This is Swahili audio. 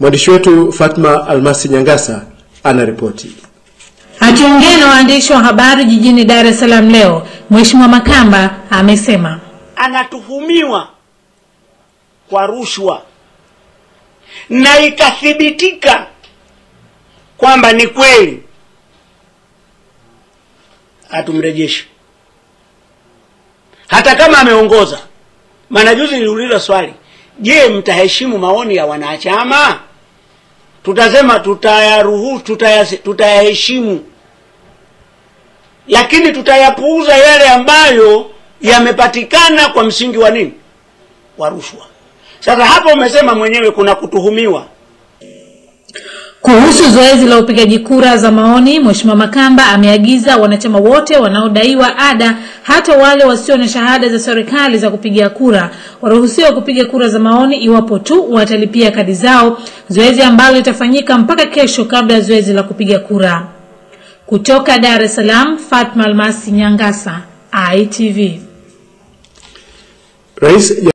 Mwandishi wetu Fatma Almasi Nyangasa anaripoti. Akiongea na waandishi wa habari jijini Dar es Salaam leo, Mheshimiwa Makamba amesema anatuhumiwa kwa rushwa na ikathibitika kwamba ni kweli, atumrejeshe hata kama ameongoza. Maana juzi niliuliza swali, je, mtaheshimu maoni ya wanachama? tutasema tutayaruhusu, tutayaheshimu, lakini tutayapuuza yale ambayo yamepatikana kwa msingi wa nini? Wa rushwa. Sasa hapo umesema mwenyewe kuna kutuhumiwa kuhusu zoezi la upigaji kura za maoni, Mheshimiwa Makamba ameagiza wanachama wote wanaodaiwa ada, hata wale wasio na shahada za serikali za kupigia kura, waruhusiwa kupiga kura za maoni iwapo tu watalipia kadi zao, zoezi ambalo litafanyika mpaka kesho kabla ya zoezi la kupiga kura. Kutoka Dar es Salaam, Fatma Almasi Nyangasa, ITV. Rais